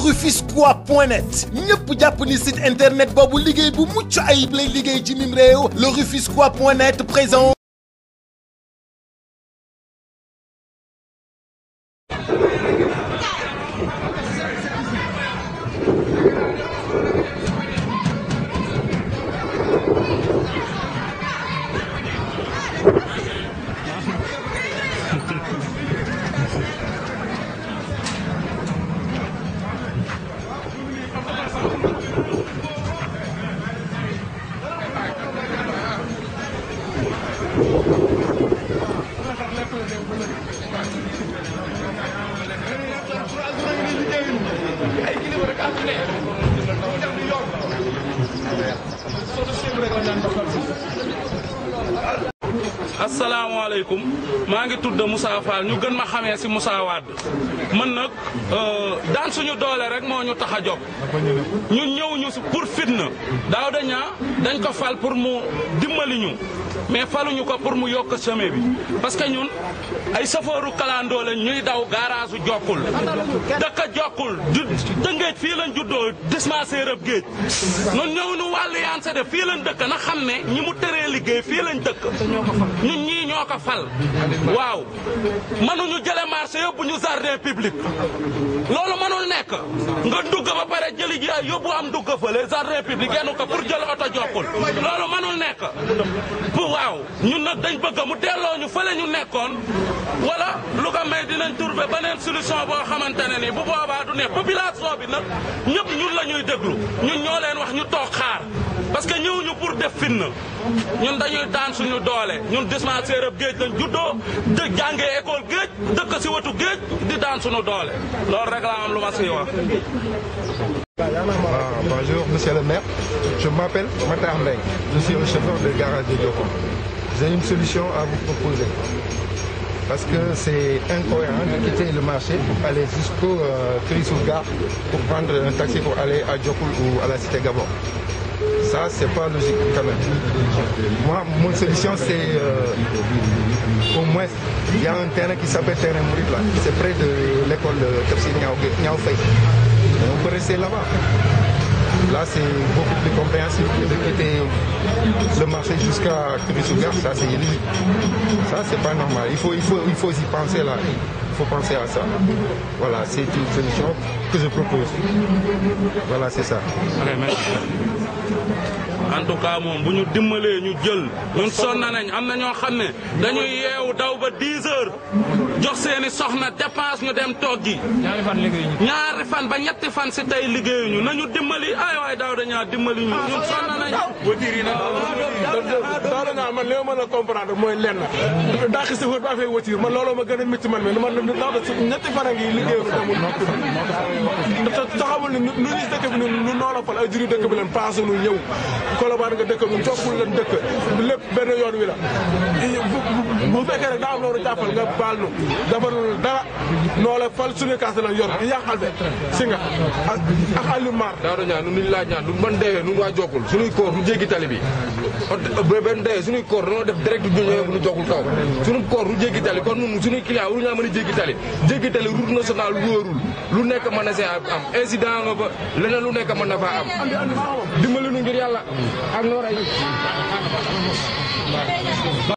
lerufisquois.net ñëpp japp ni site internet bobu liggéey bu mucc ayib lay liggéey ci mim réew présent asalaamaaleykum maa ngi tudd Moussa Fall ñu gën ma xamee si Moussa Wade man nag euh, daan suñu doole rek moo ñu tax a jog ñu ñëw ñu fitna daaw dañaa dañ ko fal pour mu dimbali ñu mais faluñu ko pour mu yokk chemin bi parce que ñun ay safooru kalandoo lañ ñuy daw garage u jokkul dëkk jokkul du dëngeej fii lañ juddoo disma séerab géej considéré fii lañ dëkk na xam ne ñi mu teree liggéey fii lañ dëkk ñun ñii ñoo ko fal waaw mënuñu jële marché yóbbu ñu jardin public loolu mënul nekk nga dugg ba pare jëli ji yóbbu am dugg fële jardin public yenn ko pour jël oto jokkul loolu mënul nekk bu waaw ñun nag dañ bëgg mu delloo ñu fële ñu nekkoon wala lu ko may dinañ trouver beneen solution boo xamante ne nii bu boobaa du ne population bi nag ñëpp ñun la ñuy déglu ñun ñoo leen wax ñu toog xaar parce que nous, nous pour def fins, ñun dañuy daan suñu doole ñun dispensaire nous de lañ de dë de école de de si wetu géej di de suñu doole rek la am Ah, bonjour monsieur le maire, je m'appelle Matar je suis le chef de garage de Djokou. J'ai une solution à vous proposer. Parce que c'est incohérent de quitter le marché, pour aller jusqu'au euh, Gare pour prendre un taxi pour aller à Djokou ou à la cité Gabon. Ça, c'est pas logique quand même. Moi, mon solution, c'est euh, au moins, il y a un terrain qui s'appelle Terrain Mourir C'est près de l'école de euh, Tepsi Niaoufei. On peut rester là-bas. Là, c'est beaucoup plus compréhensible que de le marché jusqu'à Curitiba. Ça, c'est illégal. Ça, c'est pas normal. Il faut, il, faut, il faut y penser là. Il faut penser à ça. Voilà, c'est une solution que je propose. Voilà, c'est ça. Thank you. en tout cas moom bu ñu dimbalee ñu jël ñun sonn nañ am na ñoo xam ne dañuy yeewu daw ba 10 heures jox seeni soxna dépense ñu dem toog gi ñaari fan ba ñetti fan si tey liggéeyuñu nañu dimbali ay waay daaw ñaa dimbali ñu ñun sonn nañ daal naa man li ma mën a comprendre mooy lenn daa xi safar ba affaire voiture man looloo ma gën a métti man mi man ndax ñetti fan a ngi liggéeyu demul te xamul ne nu ñu dëkk bi juri dëkk bi leen nu ñëw Colobane nga dëkk bu toppul lan dëkk lépp benn yoon wi la bu fekkee rek daa am loolu jàppal nga baal nu defarul dara noo la fal suñu yor yàqal be si nga a ak Aliou Mar daado ñaa nun niñu laaj ñaa nun man deewee nun waa Jokul suñuy koor nu jéggi tali bi benn deewee suñuy koor danoo def direct du ñëwee bu nu Jokul kaw suñu koor nu jéggi tali kon nun suñuy client waru ñaa mën a jéggi tali jéggi tali route nationale wóorul lu nekk mën na see am incident nga fa leneen lu nekk mën na faa am dimbali nu ngir yàlla ak nooray